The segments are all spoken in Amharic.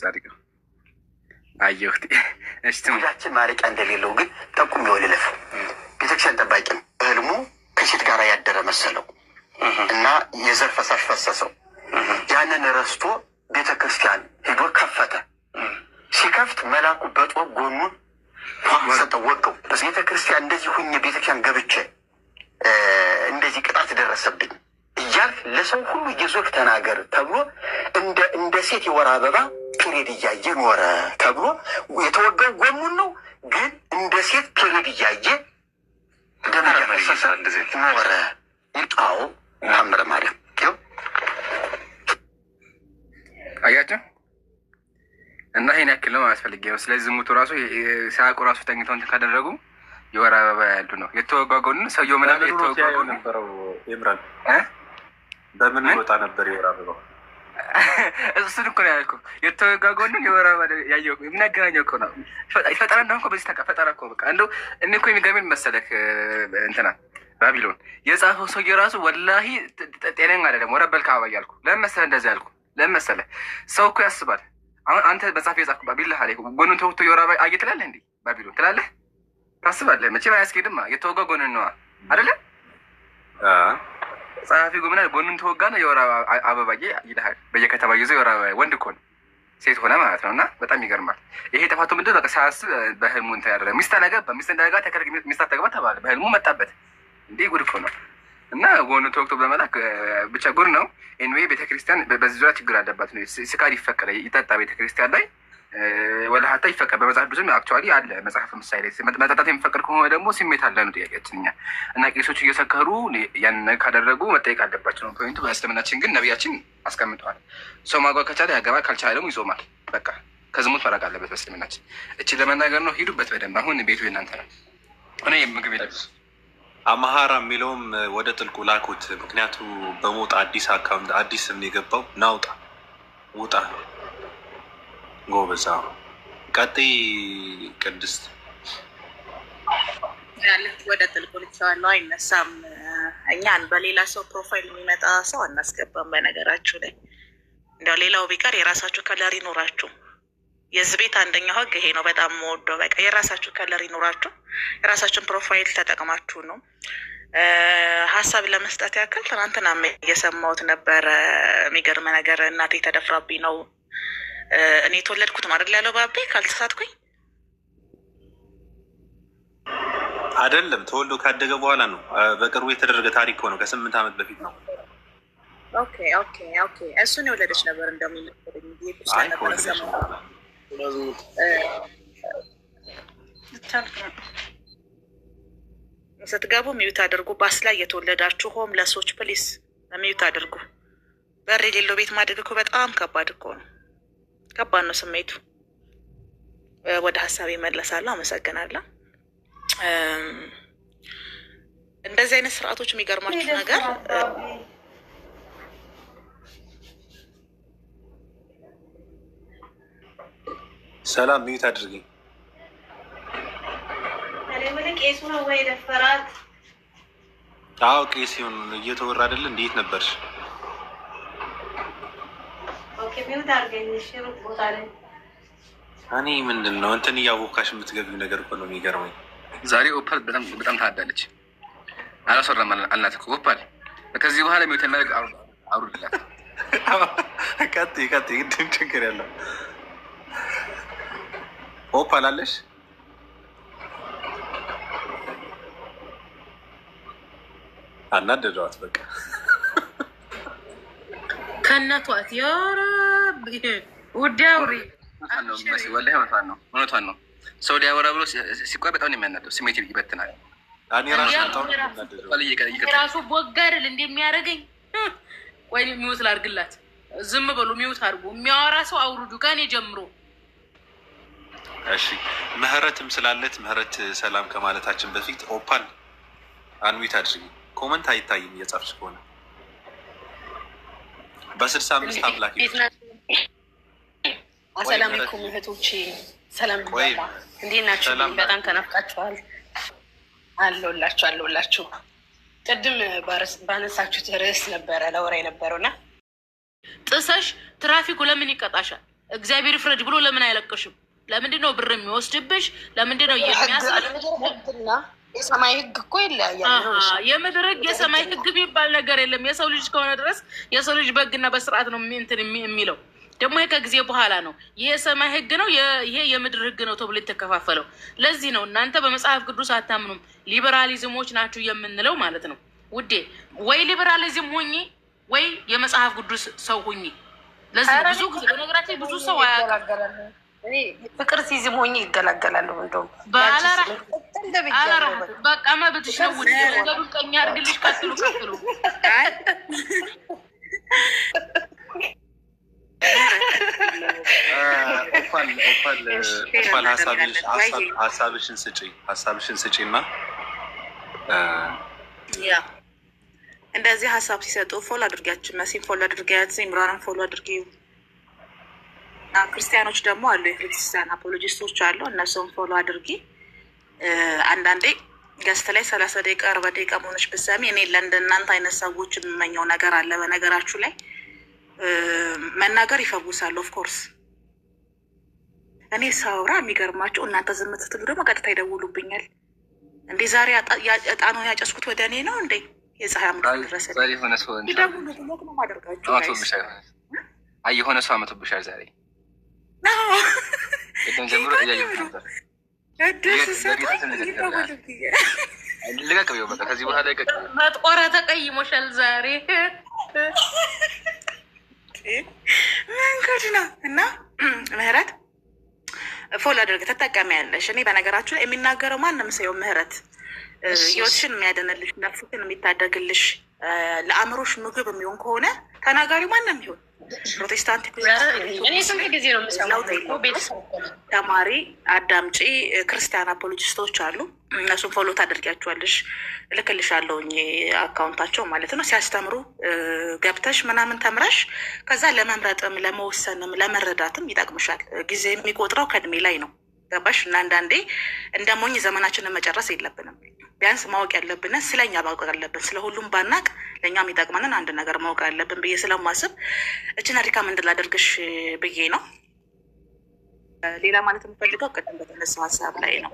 ጻድቅ ነው። አየሁት ሁላችን ማለቂያ እንደሌለው ግን ጠቁም የወልለፍ ቤተክርስቲያን ጠባቂ ነው። በህልሙ ከሴት ጋር ያደረ መሰለው እና የዘር ፈሳሽ ፈሰሰው። ያንን ረስቶ ቤተ ክርስቲያን ሄዶ ከፈተ። ሲከፍት መላኩ በጦ ጎኑን ሰጠው፣ ወቀው። ቤተ ክርስቲያን እንደዚህ ሁኝ ቤተክርስቲያን ክርስቲያን ገብቼ እንደዚህ ቅጣት ደረሰብኝ እያልክ ለሰው ሁሉ የዞክ ተናገር ተብሎ እንደ ሴት የወር አበባ ፔሪድ እያየ ኖረ ተብሎ የተወጋው ጎኑን ነው። ግን እንደ ሴት ፔሪድ እያየ እንደመደመሰሰ ኖረ። አዎ ታምረ ማርያም አያቸው እና ይሄን ያክል ነው አያስፈልግ ነው። ስለዚህ ዝሙቱ ራሱ ሳያውቁ ራሱ ተኝተው እንትን ካደረጉ የወር አበባ ያሉ ነው የተወጋ ጎኑን ሰውየው ምናምን የተወጋ ነበረው። ምራን በምን ይወጣ ነበር የወር አበባው? እሱን እኮ ነው ያልኩ። የተወጋጎንን የወራ ያየው የምናገናኘው እኮ ነው። ፈጠራ እንደሆን በዚህ ታውቃ ፈጠራ እኮ በቃ እንደው እኔ እኮ የሚገርመኝ መሰለክ እንትና ባቢሎን የጻፈው ሰውዬው ራሱ ወላሂ ጤነኛ አይደለም። ወረበል ካባ እያልኩ ለምን መሰለህ እንደዚህ ያልኩ ለምን መሰለህ ሰው እኮ ያስባል። አሁን አንተ በጻፍ የጻፍኩ ባቢል ሀ ጎኑን ተውቶ የወራ አየ ትላለህ እንዴ? ባቢሎን ትላለህ ታስባለህ። መቼም አያስኬድማ። የተወጋ ጎንን ነዋ አይደለም ጸሐፊ ጎምና ጎኑን ነው የወር አበባ ይልሃል። በየከተማ ይዞ የወር አበባ ወንድ እኮ ነው ሴት ሆነ ማለት ነው። እና በጣም ይገርማል። ይሄ ጥፋቱ ምንድን በቃ ሳያስብ በህልሙ እንትን ያደረገ ሚስት አላገባ ሚስት እንዳያገባ ተከልክ ሚስት አታግባ ተባለ። በህልሙ መጣበት እንዲህ ጉድ እኮ ነው። እና ጎኑ ተወቅቶ በመላክ ብቻ ጉድ ነው። ኤንዌ ቤተክርስቲያን በዚህ ዙሪያ ችግር አለባት ነው። ስካር ይፈቀደ ይጠጣ ቤተክርስቲያን ላይ ወደ ሀታ ይፈቀድ በመጽሐፍ ብዙም አክቹዋሊ አለ መጽሐፍ ምሳሌ መጠጣት የሚፈቅድ ከሆነ ደግሞ ስሜት አለ ነው ጥያቄያችን እኛ እና ቄሶች እየሰከሩ ያን ካደረጉ መጠየቅ አለባቸው ነው ፖይንቱ። በእስልምናችን ግን ነቢያችን አስቀምጠዋል። ሰው ማጓ ከቻለ ያገባል፣ ካልቻለ ደግሞ ይዞማል። በቃ ከዝሙት መራቅ አለበት በእስልምናችን። እችን ለመናገር ነው። ሂዱበት በደንብ አሁን ቤቱ የእናንተ ነው። እኔ የምግብ የለ አማሃራ የሚለውም ወደ ጥልቁ ላኩት። ምክንያቱ በሞጣ አዲስ አካውንት አዲስ የገባው ናውጣ ውጣ ነው ጎበዛ ቀጥይ ቅድስት ወደ ጥልቁ ልኬዋለሁ። አይነሳም። እኛን በሌላ ሰው ፕሮፋይል የሚመጣ ሰው አናስገባም። በነገራችሁ ላይ እንደው ሌላው ቢቀር የራሳችሁ ከለር ይኖራችሁ። የዚህ ቤት አንደኛው ህግ ይሄ ነው። በጣም መወደው በቃ የራሳችሁ ከለር ይኖራችሁ። የራሳችሁን ፕሮፋይል ተጠቅማችሁ ነው። ሀሳብ ለመስጠት ያክል ትናንትና እየሰማሁት ነበረ። የሚገርም ነገር እናቴ ተደፍራብኝ ነው እኔ የተወለድኩት ማድረግ ያለው ባቤ ካልተሳትኩኝ አይደለም። ተወልዶ ካደገ በኋላ ነው። በቅርቡ የተደረገ ታሪክ ሆነው ከስምንት ዓመት በፊት ነው። እሱን የወለደች ነበር እንደሚነበረኝ ስትገቡ ሚዩት አድርጉ። ባስ ላይ የተወለዳችሁ ሆም ለሶች ፕሊስ ሚዩት አድርጉ። በር የሌለው ቤት ማደግ እኮ በጣም ከባድ እኮ ነው። ከባድ ነው ስሜቱ። ወደ ሀሳቤ መለሳለሁ። አመሰግናለሁ። እንደዚህ አይነት ስርዓቶች የሚገርማችሁ ነገር ሰላም ሚዩት አድርጊ። አዎ ቄስ ሲሆን እየተወራ አይደለ? እንዴት ነበርሽ? እኔ ምንድን ነው እንትን እያወካሽ የምትገቢው ነገር እኮ ነው የሚገርመኝ። ዛሬ ኦፓል በጣም ታዳለች። አላስወራም አልናት እኮ ኦፓል ከዚህ በኋላ ሚወት የሚያደርግ አውርድላት። ቀጥይ ቀጥይ፣ ግድም ችግር ያለው ኦፓል አለሽ አናደደዋት በቃ ከነቷት የረብ ውድ አውሪ እውነቷን ነው ሰው ሊያወራ ብሎ ሲቆይ በጣም የሚያናደው፣ ስሜት ይበትናል። ራሱ ቦጋድል እንደሚያደርገኝ ወይ ሚውት ላድርግላት። ዝም በሉ ሚውት የሚያወራ ሰው አውርዱ ጀምሮ። እሺ ምህረትም ስላለት ምህረት ሰላም ከማለታችን በፊት ኦፓል አንዊት አድርጊ። ኮመንት አይታይም እየጻፍሽ ከሆነ በስልሳ አምስት አምላክ አሰላም አለይኩም እህቶቼ፣ ሰላም እንዴት ናችሁ? በጣም ተናፍቃችኋል። አለሁላችሁ አለሁላችሁ። ቅድም ባነሳችሁት ርዕስ ነበረ ለወራ የነበረው ጥሰሽ ትራፊኩ ለምን ይቀጣሻል? እግዚአብሔር ፍረድ ብሎ ለምን አይለቅሽም? ለምንድን ነው ብር የሚወስድብሽ? ለምንድን ነው የሚያስ የሰማይ ህግ እኮ ይለያያል። የምድር ህግ የሰማይ ህግ የሚባል ነገር የለም። የሰው ልጅ ከሆነ ድረስ የሰው ልጅ በህግና በስርዓት ነው እንትን የሚለው። ደግሞ ይሄ ከጊዜ በኋላ ነው። ይሄ የሰማይ ህግ ነው፣ ይሄ የምድር ህግ ነው ተብሎ የተከፋፈለው። ለዚህ ነው እናንተ በመጽሐፍ ቅዱስ አታምኑም፣ ሊበራሊዝሞች ናችሁ የምንለው ማለት ነው። ውዴ ወይ ሊበራሊዝም ሁኚ ወይ የመጽሐፍ ቅዱስ ሰው ሁኚ። ለዚህ ብዙ ጊዜ በነገራችን ብዙ ሰው አያውቅም ፍቅር ሲዝም ይገላገላሉ። እንደውም አድርግልሽ ቀጥሉ ቀጥሉ። ኦፋል ሀሳብሽን ስጪ ሀሳብሽን ስጪ እና ያ እንደዚህ ሀሳብ ሲሰጡ ፎሎ አድርጊያችን መሲን ፎሎ አድርጊያት፣ ኢምራንን ፎሎ አድርጊው ክርስቲያኖች ደግሞ አሉ፣ የክርስቲያን አፖሎጂስቶች አሉ። እነሱም ፎሎ አድርጊ። አንዳንዴ ገስት ላይ ሰላሳ ደቂቃ አርባ ደቂቃ መሆኖች ብሰሚ እኔ ለእንደናንተ አይነት ሰዎች የምመኘው ነገር አለ። በነገራችሁ ላይ መናገር ይፈውሳል። ኦፍኮርስ እኔ ሳውራ የሚገርማቸው እናንተ ዝም ስትሉ ደግሞ ቀጥታ ይደውሉብኛል። እንዴ ዛሬ እጣኑን ያጨስኩት ወደ እኔ ነው እንዴ? የፀሐይ አምላክ ደረሰ ይደውሉ ብሎክ ነው ማደርጋቸው የሆነ ሰው አመቶብሻል ዛሬ መጥቆረ ተቀይሞሻል ዛሬ መንገድ ነው እና ምህረት ፎሎ አድርግ ተጠቀሚ ያለሽ። እኔ ላይ የሚናገረው ማንም ሰው ምህረት ህይወትሽን የሚያደንልሽ ነፍስሽን የሚታደግልሽ ለአእምሮሽ ምግብ የሚሆን ከሆነ ተናጋሪ ማንም ይሆን ፕሮቴስታንት ተማሪ አዳምጪ። ክርስቲያን አፖሎጂስቶች አሉ። እነሱን ፎሎ ታደርጊያቸዋለሽ። እልክልሻለሁ አካውንታቸው ማለት ነው። ሲያስተምሩ ገብተሽ ምናምን ተምረሽ ከዛ ለመምረጥም ለመወሰንም ለመረዳትም ይጠቅምሻል። ጊዜ የሚቆጥረው ከእድሜ ላይ ነው። ገባሽ? እና አንዳንዴ እንደ ሞኝ ዘመናችንን መጨረስ የለብንም። ቢያንስ ማወቅ ያለብንን ስለኛ ማወቅ አለብን። ስለ ሁሉም ባናቅ ለእኛም ይጠቅመንን አንድ ነገር ማወቅ አለብን ብዬ ስለማስብ እችን ሪካም እንድላደርግሽ ብዬ ነው። ሌላ ማለት የምፈልገው ቅድም በተነሳው ሀሳብ ላይ ነው።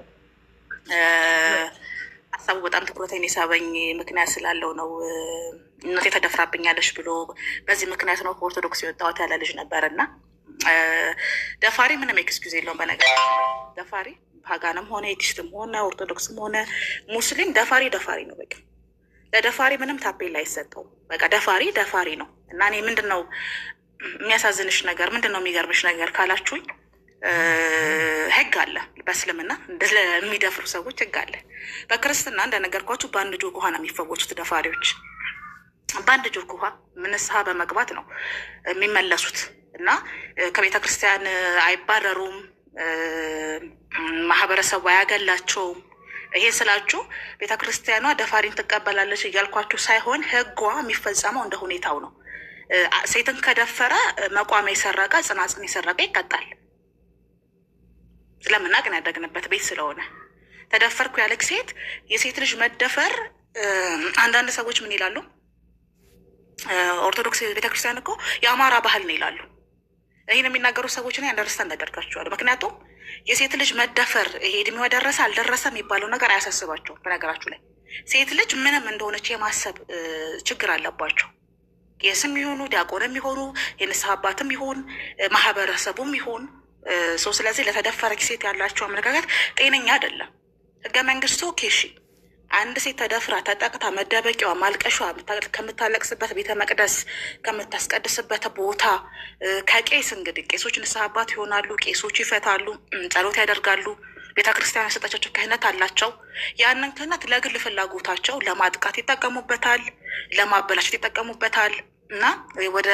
ሀሳቡ በጣም ትኩረቴን የሳበኝ ምክንያት ስላለው ነው። እናቴ ተደፍራብኛለች ብሎ በዚህ ምክንያት ነው ከኦርቶዶክስ የወጣሁት ያለ ልጅ ነበር እና ደፋሪ ምንም ኤክስኪዝ የለውም። በነገር ደፋሪ ፓጋንም ሆነ ኤቲስትም ሆነ ኦርቶዶክስም ሆነ ሙስሊም ደፋሪ ደፋሪ ነው። በቃ ለደፋሪ ምንም ታፔላ አይሰጠውም። በቃ ደፋሪ ደፋሪ ነው እና እኔ ምንድን ነው የሚያሳዝንሽ ነገር ምንድን ነው የሚገርምሽ ነገር ካላችሁኝ ህግ አለ በእስልምና ለሚደፍሩ ሰዎች ህግ አለ። በክርስትና እንደነገርኳችሁ በአንድ ጆግ ውሃ ነው የሚፈወሱት ደፋሪዎች። በአንድ ጆግ ውሃ ንስሐ በመግባት ነው የሚመለሱት። እና ከቤተ ክርስቲያን አይባረሩም፣ ማህበረሰቡ አያገላቸውም። ይሄ ስላችሁ ቤተ ክርስቲያኗ ደፋሪን ትቀበላለች እያልኳችሁ ሳይሆን ህጓ የሚፈጸመው እንደ ሁኔታው ነው። ሴትን ከደፈረ መቋሚያ የሰረቀ ጽናጽን የሰረቀ ይቀጣል። ስለምናቅ ያደግንበት ቤት ስለሆነ ተደፈርኩ ያለች ሴት የሴት ልጅ መደፈር አንዳንድ ሰዎች ምን ይላሉ? ኦርቶዶክስ ቤተክርስቲያን እኮ የአማራ ባህል ነው ይላሉ። ይህን የሚናገሩ ሰዎችን አንደርስታንድ እናደርጋቸዋለን። ምክንያቱም የሴት ልጅ መደፈር ይሄ እድሜዋ ደረሰ አልደረሰ የሚባለው ነገር አያሳስባቸውም። በነገራችሁ ላይ ሴት ልጅ ምንም እንደሆነች የማሰብ ችግር አለባቸው። ቄስም ይሆኑ ዲያቆንም ይሆኑ የንስሐ አባትም ይሆን ማህበረሰቡም ይሆን ሰው። ስለዚህ ለተደፈረች ሴት ያላቸው አመለካከት ጤነኛ አይደለም። ህገ መንግስቱ ኬሺ አንድ ሴት ተደፍራ ተጠቅታ መደበቂዋ ማልቀሿ ከምታለቅስበት ቤተ መቅደስ ከምታስቀድስበት ቦታ ከቄስ እንግዲህ ቄሶች ንስሐ አባት ይሆናሉ። ቄሶች ይፈታሉ፣ ጸሎት ያደርጋሉ። ቤተ ክርስቲያን ክህነት አላቸው። ያንን ክህነት ለግል ፍላጎታቸው ለማጥቃት ይጠቀሙበታል፣ ለማበላሸት ይጠቀሙበታል እና ወደ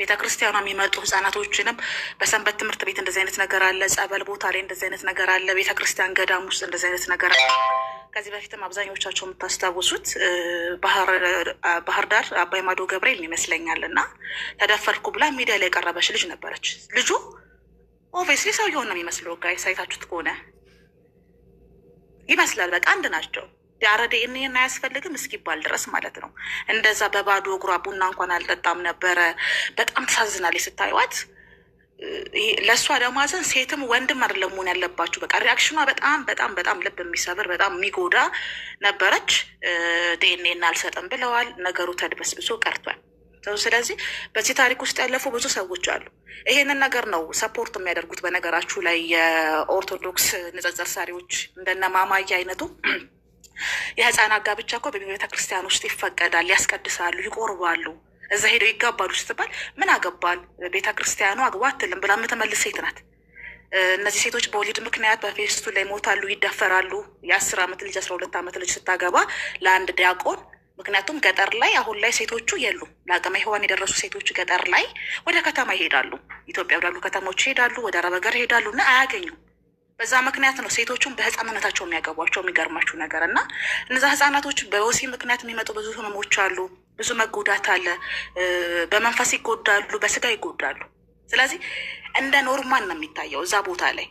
ቤተ ክርስቲያኗ የሚመጡ ህጻናቶችንም በሰንበት ትምህርት ቤት እንደዚህ አይነት ነገር አለ፣ ጸበል ቦታ ላይ እንደዚህ አይነት ነገር አለ፣ ቤተ ክርስቲያን ገዳም ውስጥ እንደዚህ አይነት ነገር አለ። ከዚህ በፊትም አብዛኞቻቸው የምታስታውሱት ባህር ዳር አባይ ማዶ ገብርኤል ይመስለኛል እና ተደፈርኩ ብላ ሚዲያ ላይ የቀረበች ልጅ ነበረች። ልጁ ኦብቪየስሊ ሰው የሆነ የሚመስለው። ጋይ ሳይታችሁት ከሆነ ይመስላል። በቃ አንድ ናቸው። የአረደ እኔን አያስፈልግም እስኪባል ድረስ ማለት ነው። እንደዛ በባዶ እግሯ ቡና እንኳን አልጠጣም ነበረ። በጣም ተሳዝናል ስታይዋት። ለእሷ ለማዘን ሴትም ወንድም አይደለም መሆን ያለባችሁ። በቃ ሪያክሽኗ በጣም በጣም በጣም ልብ የሚሰብር በጣም የሚጎዳ ነበረች። ዴኔ አልሰጥም ብለዋል። ነገሩ ተድበስብሶ ቀርቷል። ስለዚህ በዚህ ታሪክ ውስጥ ያለፉ ብዙ ሰዎች አሉ። ይሄንን ነገር ነው ሰፖርት የሚያደርጉት። በነገራችሁ ላይ የኦርቶዶክስ ንጽጽር ሰሪዎች እንደነ ማማዬ አይነቱ የህፃናት ጋብቻ እኮ በቤተክርስቲያን ውስጥ ይፈቀዳል፣ ያስቀድሳሉ፣ ይቆርባሉ እዛ ሄደው ይጋባሉ ስትባል ምን አገባል ቤተ ክርስቲያኑ አግባ አትልም ብላ የምትመልስ ሴት ናት። እነዚህ ሴቶች በወሊድ ምክንያት በፌስቱ ላይ ሞታሉ፣ ይደፈራሉ። የአስር ዓመት ልጅ አስራ ሁለት ዓመት ልጅ ስታገባ ለአንድ ዲያቆን ምክንያቱም ገጠር ላይ አሁን ላይ ሴቶቹ የሉም። ለአቅመ ሔዋን የደረሱ ሴቶች ገጠር ላይ ወደ ከተማ ይሄዳሉ፣ ኢትዮጵያ ወዳሉ ከተሞች ይሄዳሉ፣ ወደ አረብ ሀገር ይሄዳሉ እና አያገኙም። በዛ ምክንያት ነው ሴቶቹን በህፃንነታቸው የሚያገቧቸው። የሚገርማችሁ ነገር እና እነዛ ህፃናቶች በወሲ ምክንያት የሚመጡ ብዙ ህመሞች አሉ። ብዙ መጎዳት አለ። በመንፈስ ይጎዳሉ፣ በስጋ ይጎዳሉ። ስለዚህ እንደ ኖርማል ነው የሚታየው እዛ ቦታ ላይ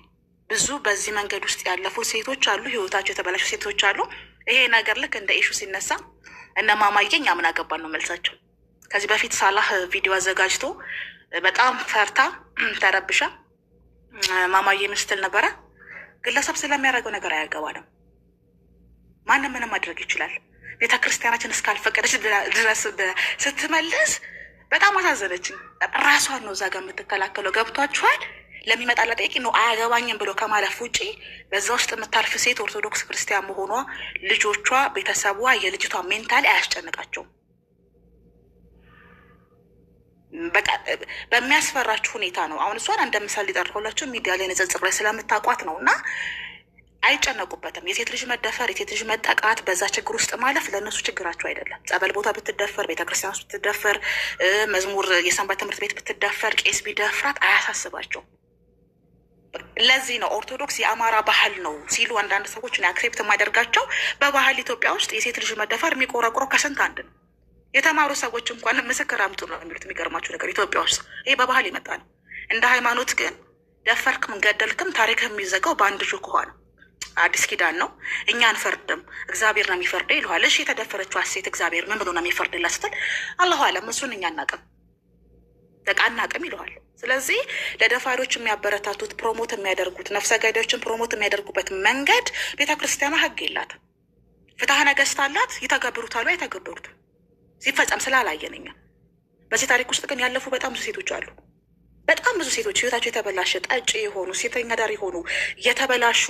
ብዙ በዚህ መንገድ ውስጥ ያለፉ ሴቶች አሉ፣ ህይወታቸው የተበላሹ ሴቶች አሉ። ይሄ ነገር ልክ እንደ ኢሹ ሲነሳ እነ ማማየኝ ምን አገባን ነው መልሳቸው። ከዚህ በፊት ሳላህ ቪዲዮ አዘጋጅቶ በጣም ፈርታ ተረብሻ ማማዬ ምስትል ነበረ። ግለሰብ ስለሚያደርገው ነገር አያገባንም። ማንም ምንም ማድረግ ይችላል። ቤተክርስቲያናችን እስካልፈቀደች ድረስ ስትመልስ በጣም አሳዘነችኝ። ራሷን ነው እዛ ጋር የምትከላከለው። ገብቷችኋል? ለሚመጣላ ጠቂ ነው አያገባኝም ብሎ ከማለፍ ውጪ በዛ ውስጥ የምታልፍ ሴት ኦርቶዶክስ ክርስቲያን መሆኗ ልጆቿ፣ ቤተሰቧ፣ የልጅቷ ሜንታል አያስጨንቃቸውም። በሚያስፈራችሁ ሁኔታ ነው። አሁን እሷን እንደምሳሌ ሊጠርኩላችሁ ሚዲያ ላይ ንጽጽር ላይ ስለምታውቋት ነው እና አይጨነቁበትም። የሴት ልጅ መደፈር፣ የሴት ልጅ መጠቃት፣ በዛ ችግር ውስጥ ማለፍ ለእነሱ ችግራቸው አይደለም። ጸበል ቦታ ብትደፈር፣ ቤተክርስቲያን ውስጥ ብትደፈር፣ መዝሙር የሰንበት ትምህርት ቤት ብትደፈር፣ ቄስ ቢደፍራት አያሳስባቸው። ለዚህ ነው ኦርቶዶክስ የአማራ ባህል ነው ሲሉ አንዳንድ ሰዎች አክሴፕት የማደርጋቸው። በባህል ኢትዮጵያ ውስጥ የሴት ልጅ መደፈር የሚቆረቁረው ከስንት አንድ ነው። የተማሩ ሰዎች እንኳን ምስክር አምጡ ነው የሚሉት። የሚገርማቸው ነገር ኢትዮጵያ ውስጥ ይሄ በባህል ይመጣ ነው። እንደ ሃይማኖት ግን ደፈርክም ገደልክም ታሪክ የሚዘጋው በአንድ ጁ ከሆነ አዲስ ኪዳን ነው። እኛ አንፈርድም፣ እግዚአብሔር ነው የሚፈርደ ይለዋል። እሺ የተደፈረችው ሴት እግዚአብሔር ምን ብሎ ነው የሚፈርድላት ስትል አላሁ አለም፣ እሱን እኛ አናቅም፣ በቃ አናቅም ይለዋል። ስለዚህ ለደፋሪዎች የሚያበረታቱት ፕሮሞት የሚያደርጉት ነፍሰ ገዳዮችን ፕሮሞት የሚያደርጉበት መንገድ ቤተ ክርስቲያኗ ህግ የላት ፍትሐ ነገስት አላት፣ ይተገብሩታሉ አይተገብሩትም፣ ሲፈጸም ስላላየን እኛ። በዚህ ታሪክ ውስጥ ግን ያለፉ በጣም ብዙ ሴቶች አሉ። በጣም ብዙ ሴቶች ህይወታቸው የተበላሸ ጠጭ የሆኑ ሴተኛ ዳር የሆኑ የተበላሹ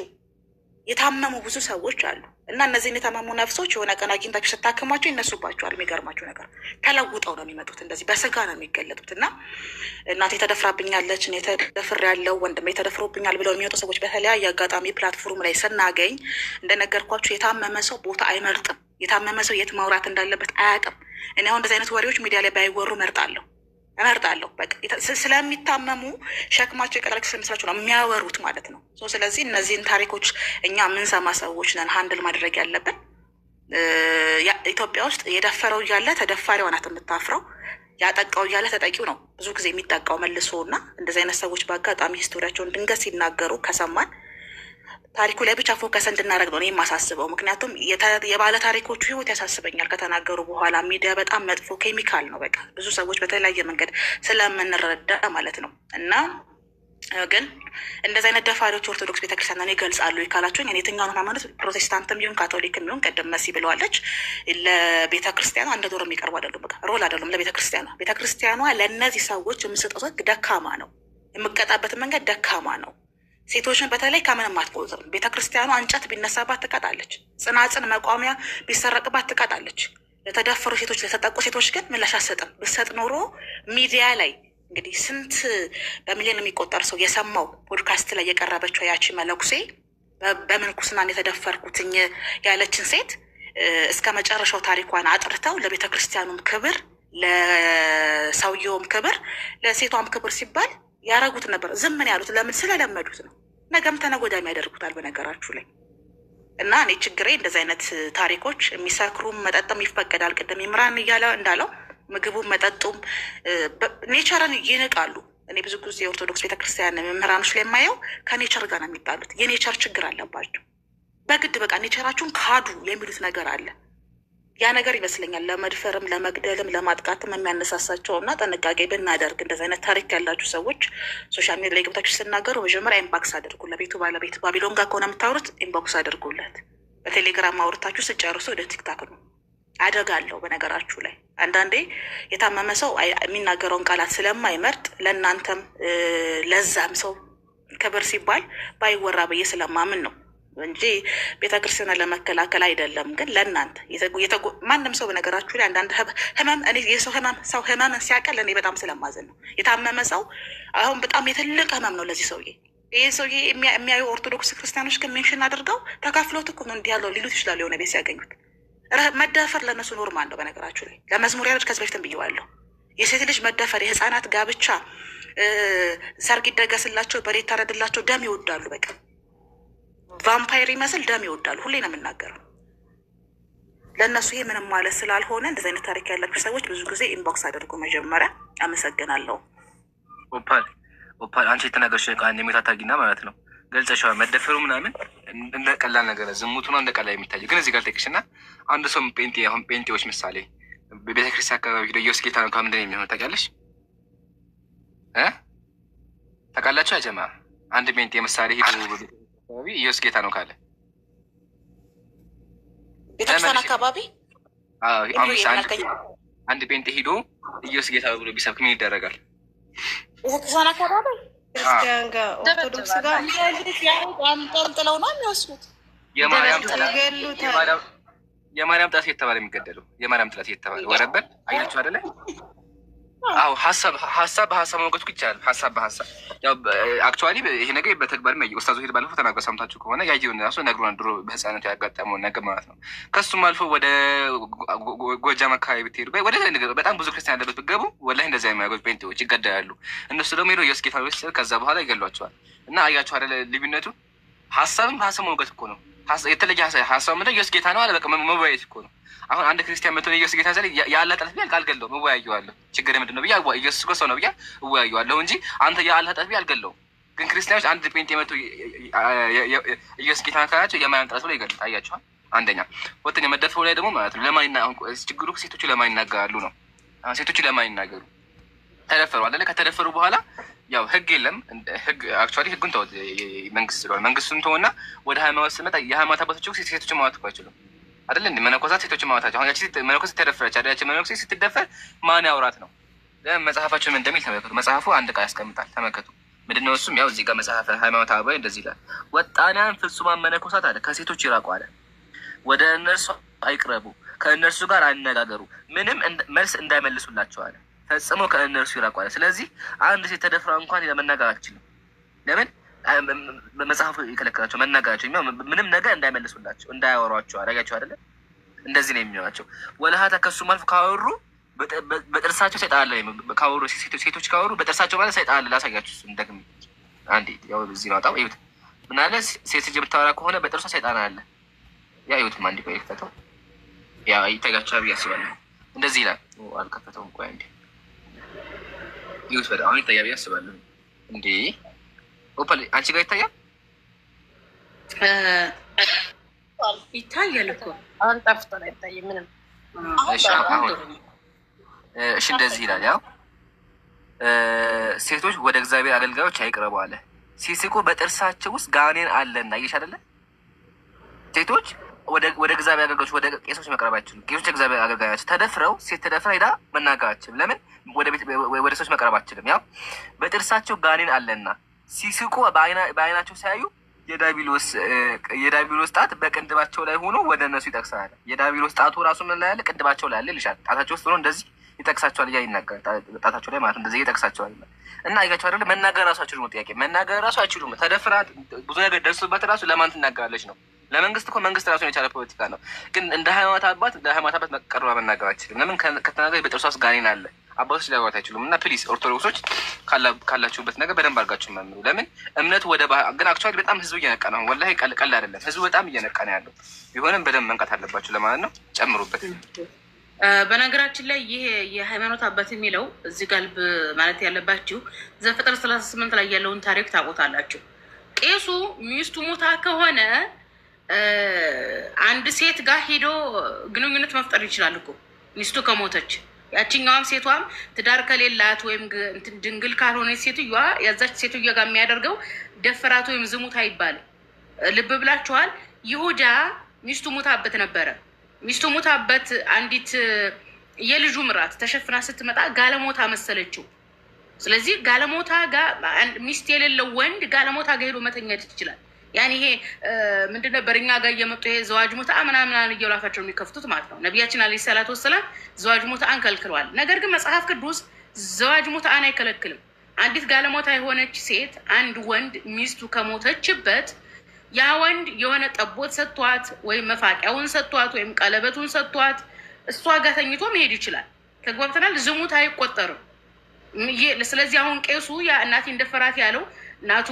የታመሙ ብዙ ሰዎች አሉ እና እነዚህን የታመሙ ነፍሶች የሆነ ቀን አግኝታችሁ ስታክሟቸው ይነሱባቸዋል። የሚገርማቸው ነገር ተለውጠው ነው የሚመጡት። እንደዚህ በስጋ ነው የሚገለጡት እና እናቴ ተደፍራብኛለች፣ እኔ ያለው ወንድሜ ተደፍሮብኛል ብለው የሚወጡ ሰዎች በተለያየ አጋጣሚ ፕላትፎርም ላይ ስናገኝ እንደነገርኳችሁ የታመመ ሰው ቦታ አይመርጥም። የታመመ ሰው የት ማውራት እንዳለበት አያውቅም። እኔ አሁን እንደዚህ አይነት ወሬዎች ሚዲያ ላይ ባይወሩ መርጣለሁ። እመርጣለሁ። በቃ ስለሚታመሙ ሸክማቸው የቀላል ስለሚስላቸው ነው የሚያወሩት ማለት ነው። ስለዚህ እነዚህን ታሪኮች እኛ የምንሰማ ሰዎች ነን ሀንድል ማድረግ ያለብን። ኢትዮጵያ ውስጥ የደፈረው እያለ ተደፋሪዋ ናት የምታፍረው፣ ያጠቃው እያለ ተጠቂው ነው ብዙ ጊዜ የሚጠቃው መልሶ እና እንደዚህ አይነት ሰዎች በአጋጣሚ ሂስቶሪያቸውን ድንገት ሲናገሩ ከሰማን ታሪኩ ላይ ብቻ ፎከስ እንድናደረግ ነው የማሳስበው። ምክንያቱም የባለ ታሪኮቹ ህይወት ያሳስበኛል። ከተናገሩ በኋላ ሚዲያ በጣም መጥፎ ኬሚካል ነው። በቃ ብዙ ሰዎች በተለያየ መንገድ ስለምንረዳ ማለት ነው እና ግን እንደዚህ አይነት ደፋሪዎች ኦርቶዶክስ ቤተክርስቲያንን ይገልጻሉ ይካላቸው እኔ የትኛውን ሃይማኖት ፕሮቴስታንትም ይሁን ካቶሊክም ይሁን ቅድም መሲ ብለዋለች፣ ለቤተክርስቲያኗ እንደ ዶሮ የሚቀርቡ አይደሉም። በቃ ሮል አይደሉም ለቤተክርስቲያኗ። ቤተክርስቲያኗ ለእነዚህ ሰዎች የምሰጠው ደካማ ነው፣ የምቀጣበት መንገድ ደካማ ነው። ሴቶችን በተለይ ከምንም አትቆጥርም። ቤተክርስቲያኑ እንጨት ቢነሳባት ትቀጣለች፣ ጽናጽን መቋሚያ ቢሰረቅባት ትቀጣለች። ለተደፈሩ ሴቶች፣ ለተጠቁ ሴቶች ግን ምላሽ አትሰጥም። ብትሰጥ ኖሮ ሚዲያ ላይ እንግዲህ ስንት በሚሊዮን የሚቆጠር ሰው የሰማው ፖድካስት ላይ የቀረበችው ያቺ መለኩሴ በምንኩስናን የተደፈርኩትኝ ያለችን ሴት እስከ መጨረሻው ታሪኳን አጥርተው ለቤተክርስቲያኑም ክብር፣ ለሰውየውም ክብር፣ ለሴቷም ክብር ሲባል ያረጉት ነበር። ዝም ያሉት ለምን ስለለመዱት ነው። ነገም ተነጎዳም ያደርጉታል። በነገራችሁ ላይ እና እኔ ችግሬ እንደዚህ አይነት ታሪኮች የሚሰክሩም መጠጥም ይፈቀዳል። ቅድም ይምራን እያለ እንዳለው ምግቡም መጠጡም ኔቸርን ይንቃሉ። እኔ ብዙ ጊዜ የኦርቶዶክስ ቤተክርስቲያን መምህራኖች ላይ የማየው ከኔቸር ጋር ነው የሚጣሉት። የኔቸር ችግር አለባቸው። በግድ በቃ ኔቸራችሁን ካዱ የሚሉት ነገር አለ። ያ ነገር ይመስለኛል ለመድፈርም ለመግደልም ለማጥቃትም የሚያነሳሳቸው እና ጥንቃቄ ብናደርግ እንደዚህ አይነት ታሪክ ያላችሁ ሰዎች ሶሻል ሚዲያ ላይ ገብታችሁ ስናገሩ መጀመሪያ ኢንባክስ አድርጉ። ለቤቱ ባለቤት ባቢሎን ጋር ከሆነ የምታወሩት ኢንባክስ አድርጉለት። በቴሌግራም አውርታችሁ ስጨርሱ ወደ ቲክታክ ነው። አደጋለሁ በነገራችሁ ላይ አንዳንዴ የታመመ ሰው የሚናገረውን ቃላት ስለማይመርጥ ለእናንተም ለዛም ሰው ክብር ሲባል ባይወራ ብዬ ስለማምን ነው። እንጂ ቤተክርስቲያን ለመከላከል አይደለም። ግን ለእናንተ ማንም ሰው በነገራችሁ ላይ አንዳንድ ህመም እኔ የሰው ህመም ሰው ህመምን ሲያቀል እኔ በጣም ስለማዘን ነው። የታመመ ሰው አሁን በጣም የትልቅ ህመም ነው ለዚህ ሰውዬ ይህ ሰውዬ የሚያዩ ኦርቶዶክስ ክርስቲያኖች ከሜንሽን አድርገው ተካፍሎት እኮ ነው እንዲህ ያለው ሊሉት ይችላሉ። የሆነ ቤት ሲያገኙት መደፈር ለእነሱ ኖርማል ነው። በነገራችሁ ላይ ለመዝሙር ያሎች ከዚህ በፊትም ብየዋለሁ። የሴት ልጅ መደፈር፣ የህፃናት ጋብቻ፣ ሰርግ ይደገስላቸው፣ በሬ ይታረድላቸው፣ ደም ይወዳሉ በቃ ቫምፓይር ይመስል ደም ይወዳሉ። ሁሌ ነው የምናገረው። ለእነሱ ይሄ ምንም ማለት ስላልሆነ እንደዚህ አይነት ታሪክ ያላችሁ ሰዎች ብዙ ጊዜ ኢንቦክስ አድርጎ መጀመሪያ አመሰግናለሁ። ኦፓል ኦፓል፣ አንቺ የተናገርሽ ቃን ታጊና ማለት ነው ገልጸሻዋል። መደፈሩ ምናምን እንደ ቀላል ነገር ዝሙቱ ነው እንደ ቀላል የሚታየው። ግን እዚህ ጋር ልጠይቅሽ እና አንድ ሰው ጴንጤ አሁን ጴንጤዎች ምሳሌ በቤተክርስቲያን አካባቢ ሄደ ኢየሱስ ጌታ ነው ከምንድን የሚሆነ ታውቂያለሽ? ታውቃላችሁ? አጀማ አንድ ጴንጤ ምሳሌ ሄዱ አካባቢ ኢየሱስ ጌታ ነው ካለ ቤተክርስቲያን አካባቢ አንድ ጴንጤ ሂዶ ኢየሱስ ጌታ ብሎ ቢሰብክ ምን ይደረጋል? ቤተክርስቲያን አካባቢ ክርስቲያን ነው የሚወስዱት። የማርያም ጥላት የተባለ የሚገደለው የማርያም ጥላት የተባለ ወረበል አያቸው አደለ? አዎ ሀሳብ ሀሳብ በሀሳብ መውገድኩ ይቻላል። ሀሳብ በሀሳብ ያው አክቹዋሊ ይሄ ነገር በተግባር በተግባርም ኡስታዝ ሄድ ባለፈው ተናግሮ ሰምታችሁ ከሆነ ያየውን ራሱ ነግሮናል። ድሮ በህፃነቱ ያጋጠመውን ነገር ማለት ነው። ከሱም አልፎ ወደ ጎጃም አካባቢ ብትሄዱ ወደ ነገር በጣም ብዙ ክርስቲያን ያለበት ብትገቡ ወላሂ እንደዚያ የሚያደርጉት ጴንጤዎች ይገደላሉ። እነሱ ደግሞ ሄዶ ኢየሱስ ጌታ ከዛ በኋላ ይገሏቸዋል። እና አያችሁ አይደለ ልዩነቱ ሀሳብም በሀሳብ መውገት እኮ ነው። የተለየ ሀሳብ ምንድን ነው? ኢየሱስ ጌታ ነው አለ። በቃ መወያየት እኮ ነው። አሁን አንድ ክርስቲያን መቶ ኢየሱስ ጌታ ስለ የአላህ ጠላት ቢል አልገለውም፣ እወያየዋለሁ። ችግር ምንድን ነው ብዬ ኢየሱስ እኮ ሰው ነው ብያ እወያየዋለሁ እንጂ አንተ የአላህ ጠላት ቢል አልገለውም። ግን ክርስቲያኖች አንድ ጴንጤ መቶ ኢየሱስ ጌታ ካላቸው የማያን ጠላት ብሎ ይገልጥ አያቸዋል። አንደኛ ሁለተኛ መደፈው ላይ ደግሞ ማለት ነው ለማን ችግሩ ሴቶቹ ለማይናገራሉ ነው። ሴቶቹ ለማይናገሩ ተደፈሩ አለ። ከተደፈሩ በኋላ ያው ህግ የለም። ህግ አክቹዋሊ ህጉን ተወው፣ መንግስት ስለሆነ መንግስቱን ተወና ወደ ሃይማኖት ስመጣ የሃይማኖት አባቶች ሴቶችን ማማት እኮ አይችሉም አይደለ? እንደ መነኮሳት ሴቶች ማማታቸው አሁን ያቺ መነኮስ ተደፈረች አይደል? መነኮስ ስትደፈር ማን ያውራት ነው? መጽሐፋቸው ምን እንደሚል ተመልከቱ። መጽሐፉ አንድ ቃል ያስቀምጣል። ተመልከቱ ምንድነው? እሱም ያው እዚህ ጋር መጽሐፈ ሃይማኖት አበ እንደዚህ ይላል፣ ወጣንያን ፍጹማን መነኮሳት አለ ከሴቶች ይራቁ አለ፣ ወደ እነርሱ አይቅረቡ፣ ከእነርሱ ጋር አይነጋገሩ፣ ምንም መልስ እንዳይመልሱላቸው አለ። ፈጽሞ ከእነርሱ ይራቋል። ስለዚህ አንድ ሴት ተደፍራ እንኳን ለመናገር አትችልም። ለምን? በመጽሐፉ ይከለከላቸው መናገራቸው ምንም ነገር እንዳይመልሱላቸው እንዳያወሯቸው አደጋቸው አደለ እንደዚህ ነው የሚሆናቸው። ወለሀታ ከሱም አልፎ ካወሩ በጥርሳቸው ሰይጣን ካወሩ ሴቶች ካወሩ በጥርሳቸው ማለት ሰይጣን ላሳያቸው። እሱን ደግሜ አንዴ ያው እዚህ ማጣው ይሁት ምን አለ ሴት ልጅ የምታወራ ከሆነ በጥርሷ ሰይጣን አለ። ያ ይሁትም አንዴ ቆይ ክፈተው። ያ ይተጋቻ ብዬ አስባለሁ። እንደዚህ ይላል። አልከፈተውም። ቆይ አንዴ ይሁት አሁን ይታያል እንዴ ኦፓል አንቺ ጋር ይታያል ይታያል እኮ አሁን ጠፍቶ ነው ምንም። እሺ እንደዚህ ይላል ያው ሴቶች ወደ እግዚአብሔር አገልጋዮች አይቅረቡ አለ። ሲስቁ በጥርሳቸው ውስጥ ጋኔን አለና ይሻለለ ሴቶች ወደ እግዚአብሔር አገልጋዮች ወደ ቄሶች መቅረብ አይችሉም። ቄሶች የእግዚአብሔር አገልጋዮች ተደፍረው ሴት ተደፍረ ሄዳ መናገራችን ለምን ወደ ሰዎች መቅረብ አይችልም? ያው በጥርሳቸው ጋኔን አለና ሲስቁ በአይናቸው ሲያዩ የዳቢሎስ ጣት በቅንድባቸው ላይ ሆኖ ወደ እነሱ ይጠቅሳል። የዳቢሎስ ጣቱ ራሱ ምን ላይ ያለ ቅንድባቸው ላይ ያለ ይልሻል። ጣታቸው ውስጥ ሆኖ እንደዚህ ይጠቅሳቸዋል እያ ይናገራል። ጣታቸው ላይ ማለት እንደዚህ ይጠቅሳቸዋል እና አያቸው አደለ መናገር ራሱ አይችሉም። ጥያቄ መናገር ራሱ አይችሉም። ተደፍራ ብዙ ነገር ደርሱበት ራሱ ለማን ትናገራለች ነው ለመንግስት እኮ መንግስት ራሱን የቻለ ፖለቲካ ነው። ግን እንደ ሃይማኖት አባት ለሃይማኖት አባት መቀረባ መናገር አይችልም። ለምን ከተናገር በጥርሷስ ጋኔን አለ። አባቶች ሊያወራት አይችሉም። እና ፕሊስ ኦርቶዶክሶች ካላችሁበት ነገር በደንብ አድርጋችሁ መምሩ። ለምን እምነቱ ወደ ባህል ግን አክቹዋሊ በጣም ህዝቡ እየነቃ ነው። ወላሂ ቀል አይደለም። ህዝቡ በጣም እየነቃ ነው ያለው። ቢሆንም በደንብ መንቃት አለባችሁ ለማለት ነው። ጨምሩበት። በነገራችን ላይ ይሄ የሃይማኖት አባት የሚለው እዚህ ጋልብ ማለት ያለባችሁ ዘፍጥረት ሰላሳ ስምንት ላይ ያለውን ታሪክ ታውቁታላችሁ። ቄሱ ሚስቱ ሞታ ከሆነ አንድ ሴት ጋር ሄዶ ግንኙነት መፍጠር ይችላል እኮ ሚስቱ ከሞተች። ያችኛዋም ሴቷም ትዳር ከሌላት ወይም ድንግል ካልሆነ ሴትዮዋ ያዛች ሴትዮዋ ጋር የሚያደርገው ደፈራት ወይም ዝሙት አይባልም። ልብ ብላችኋል። ይሁዳ ሚስቱ ሙታበት ነበረ። ሚስቱ ሙታበት አንዲት የልጁ ምራት ተሸፍና ስትመጣ ጋለሞታ መሰለችው። ስለዚህ ጋለሞታ ሚስት የሌለው ወንድ ጋለሞታ ጋር ሄዶ መተኛት ይችላል። ያን ይሄ ምንድን ነበር እኛ ጋር እየመጡ ይሄ ዘዋጅ ሙታ ምናምናን እየሉ አፋቸውን የሚከፍቱት ማለት ነው። ነቢያችን አለ ሰላት ወሰላም ዘዋጅ ሙታን ከልክለዋል። ነገር ግን መጽሐፍ ቅዱስ ዘዋጅ ሙታን አይከለክልም። አንዲት ጋለሞታ የሆነች ሴት አንድ ወንድ ሚስቱ ከሞተችበት ያ ወንድ የሆነ ጠቦት ሰጥቷት ወይም መፋቂያውን ሰጥቷት ወይም ቀለበቱን ሰጥቷት እሷ ጋር ተኝቶ መሄድ ይችላል። ተግባብተናል። ዝሙት አይቆጠርም። ስለዚህ አሁን ቄሱ ያ እናቴ እንደፈራት ያለው እናቱ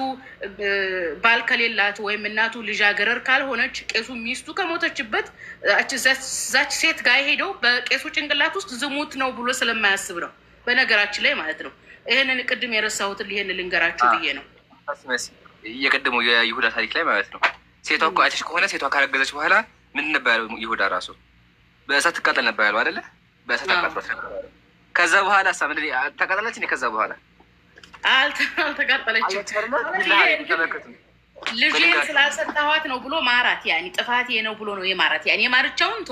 ባል ከሌላት ወይም እናቱ ልጃገረር ካልሆነች ቄሱ ሚስቱ ከሞተችበት ዛች ሴት ጋር ሄደው በቄሱ ጭንቅላት ውስጥ ዝሙት ነው ብሎ ስለማያስብ ነው። በነገራችን ላይ ማለት ነው። ይህንን ቅድም የረሳሁትን ይህን ልንገራችሁ ብዬ ነው። የቅድሙ የይሁዳ ታሪክ ላይ ማለት ነው። ሴቷ እኮ አይተሽ ከሆነ ሴቷ ካረገዘች በኋላ ምንድን ነበር ያለው? ይሁዳ ራሱ በእሳት ትቃጠል ነበር ያለው አይደለ? በእሳት አቃጥሏት ነበር። ከዛ በኋላ ሳ ምንድን ተቃጠላች። ከዛ በኋላ አልተቃጠለችም። ልጄን ስላልሰጠኋት ነው ብሎ ማራት ያኔ ጥፋቴ ነው ብሎ ነው የማራት ያኔ የማርቻውን ቶ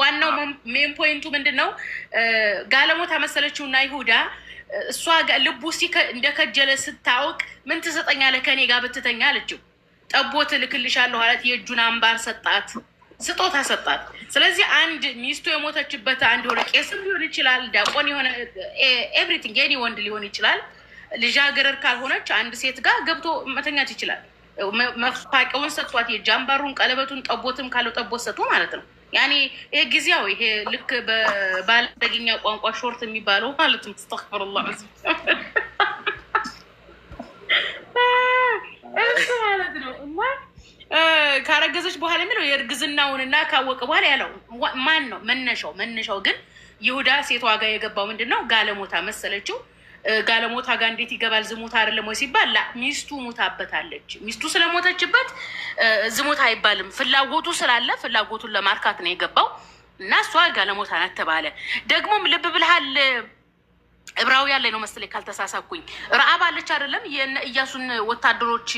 ዋናው ሜን ፖይንቱ ምንድን ነው? ጋለሞታ መሰለችውና ይሁዳ እሷ ልቡ እንደከጀለ ስታውቅ ምን ትሰጠኛለህ ከኔ ጋር ብትተኛ አለችው። ጠቦት እልክልሻለሁ አላት። የእጁን አምባር ሰጣት፣ ስጦታ ሰጣት። ስለዚህ አንድ ሚስቱ የሞተችበት አንድ የሆነ ቄስም ሊሆን ይችላል፣ ዲያቆን የሆነ ኤቭሪቲንግ የኔ ወንድ ሊሆን ይችላል ልጃገረድ ካልሆነች አንድ ሴት ጋር ገብቶ መተኛት ይችላል። መፋቂያውን ሰጥቷት የጃምባሩን ቀለበቱን፣ ጠቦትም ካለው ጠቦት ሰጡ ማለት ነው። ያኔ ይሄ ጊዜያዊ ይሄ ልክ በባለገኛ ቋንቋ ሾርት የሚባለው ማለት ነው። ስተክፍርላ እሱ ማለት ነው እና ካረገዘች በኋላ የሚለው የእርግዝናውን እና ካወቀ በኋላ ያለው ማን ነው መነሻው? መነሻው ግን ይሁዳ ሴቷ ጋር የገባው ምንድን ነው? ጋለሞታ መሰለችው። ጋለሞታ ጋር እንዴት ይገባል? ዝሙት አይደለም ወይ ሲባል ሚስቱ ሙታበታለች። ሚስቱ ስለሞተችበት ዝሙት አይባልም። ፍላጎቱ ስላለ ፍላጎቱን ለማርካት ነው የገባው እና እሷ ጋለሞታ ናት ተባለ። ደግሞም ልብ ብልሃል ዕብራውያን ላይ ነው መሰለኝ ካልተሳሳኩኝ፣ ረአብ አለች አይደለም የኢያሱን ወታደሮች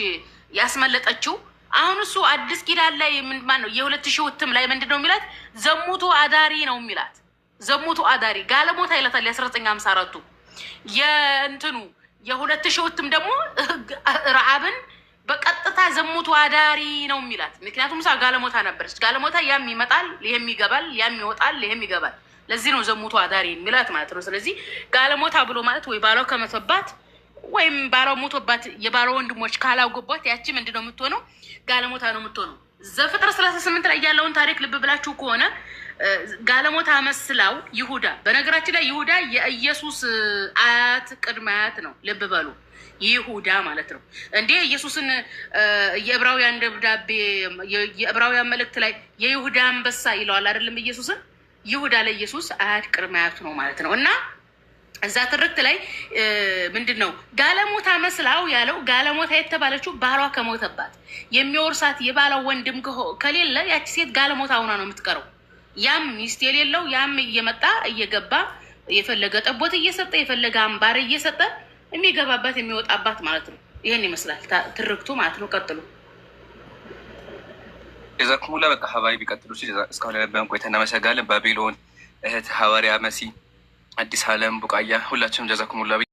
ያስመለጠችው። አሁን እሱ አዲስ ኪዳን ላይ ምንድማ ነው የሁለት ሺህ ውትም ላይ ምንድን ነው የሚላት? ዘሙቱ አዳሪ ነው የሚላት። ዘሙቱ አዳሪ ጋለሞታ ይላታል። የአስራ ዘጠኝ ሀምሳ አራቱ የእንትኑ የሁለት ሺዎትም ደግሞ ረአብን በቀጥታ ዘሙት አዳሪ ነው የሚላት። ምክንያቱም እሷ ጋለሞታ ነበረች። ጋለሞታ ያም ይመጣል፣ ይሄም ይገባል፣ ያም ይወጣል፣ ይሄም ይገባል። ለዚህ ነው ዘሙቱ አዳሪ የሚላት ማለት ነው። ስለዚህ ጋለሞታ ብሎ ማለት ወይ ባሏ ከመቶባት ወይም ባሏ ሞቶባት የባሏ ወንድሞች ካላጎቧት ያቺ ምንድን ነው የምትሆነው? ጋለሞታ ነው የምትሆነው። ዘፍጥረት ሰላሳ ስምንት ላይ ያለውን ታሪክ ልብ ብላችሁ ከሆነ ጋለሞታ መስላው ይሁዳ። በነገራችን ላይ ይሁዳ የኢየሱስ አያት ቅድመ አያት ነው። ልብ በሉ ይሁዳ ማለት ነው እንዴ ኢየሱስን የዕብራውያን ደብዳቤ የዕብራውያን መልእክት ላይ የይሁዳ አንበሳ ይለዋል አይደለም? ኢየሱስን ይሁዳ ለኢየሱስ አያት ቅድመ አያት ነው ማለት ነው እና እዛ ትርክት ላይ ምንድን ነው ጋለሞታ መስላው ያለው? ጋለሞታ የተባለችው ባሏ ከሞተባት የሚወርሳት የባሏ ወንድም ከሌለ ያቺ ሴት ጋለሞታ ሆና ነው የምትቀረው። ያም ሚስት የሌለው ያም እየመጣ እየገባ የፈለገ ጠቦት እየሰጠ የፈለገ አምባር እየሰጠ የሚገባባት የሚወጣባት ማለት ነው። ይህን ይመስላል ትርክቱ ማለት ነው። ቀጥሉ። ጀዛኩሙላ በቃ ሀባይ ቢቀጥሉ እስካሁን ያለበን ቆይታ እናመሰጋለን። ባቢሎን እህት፣ ሀዋርያ መሲ፣ አዲስ አለም፣ ቡቃያ ሁላችንም ጀዛኩሙላ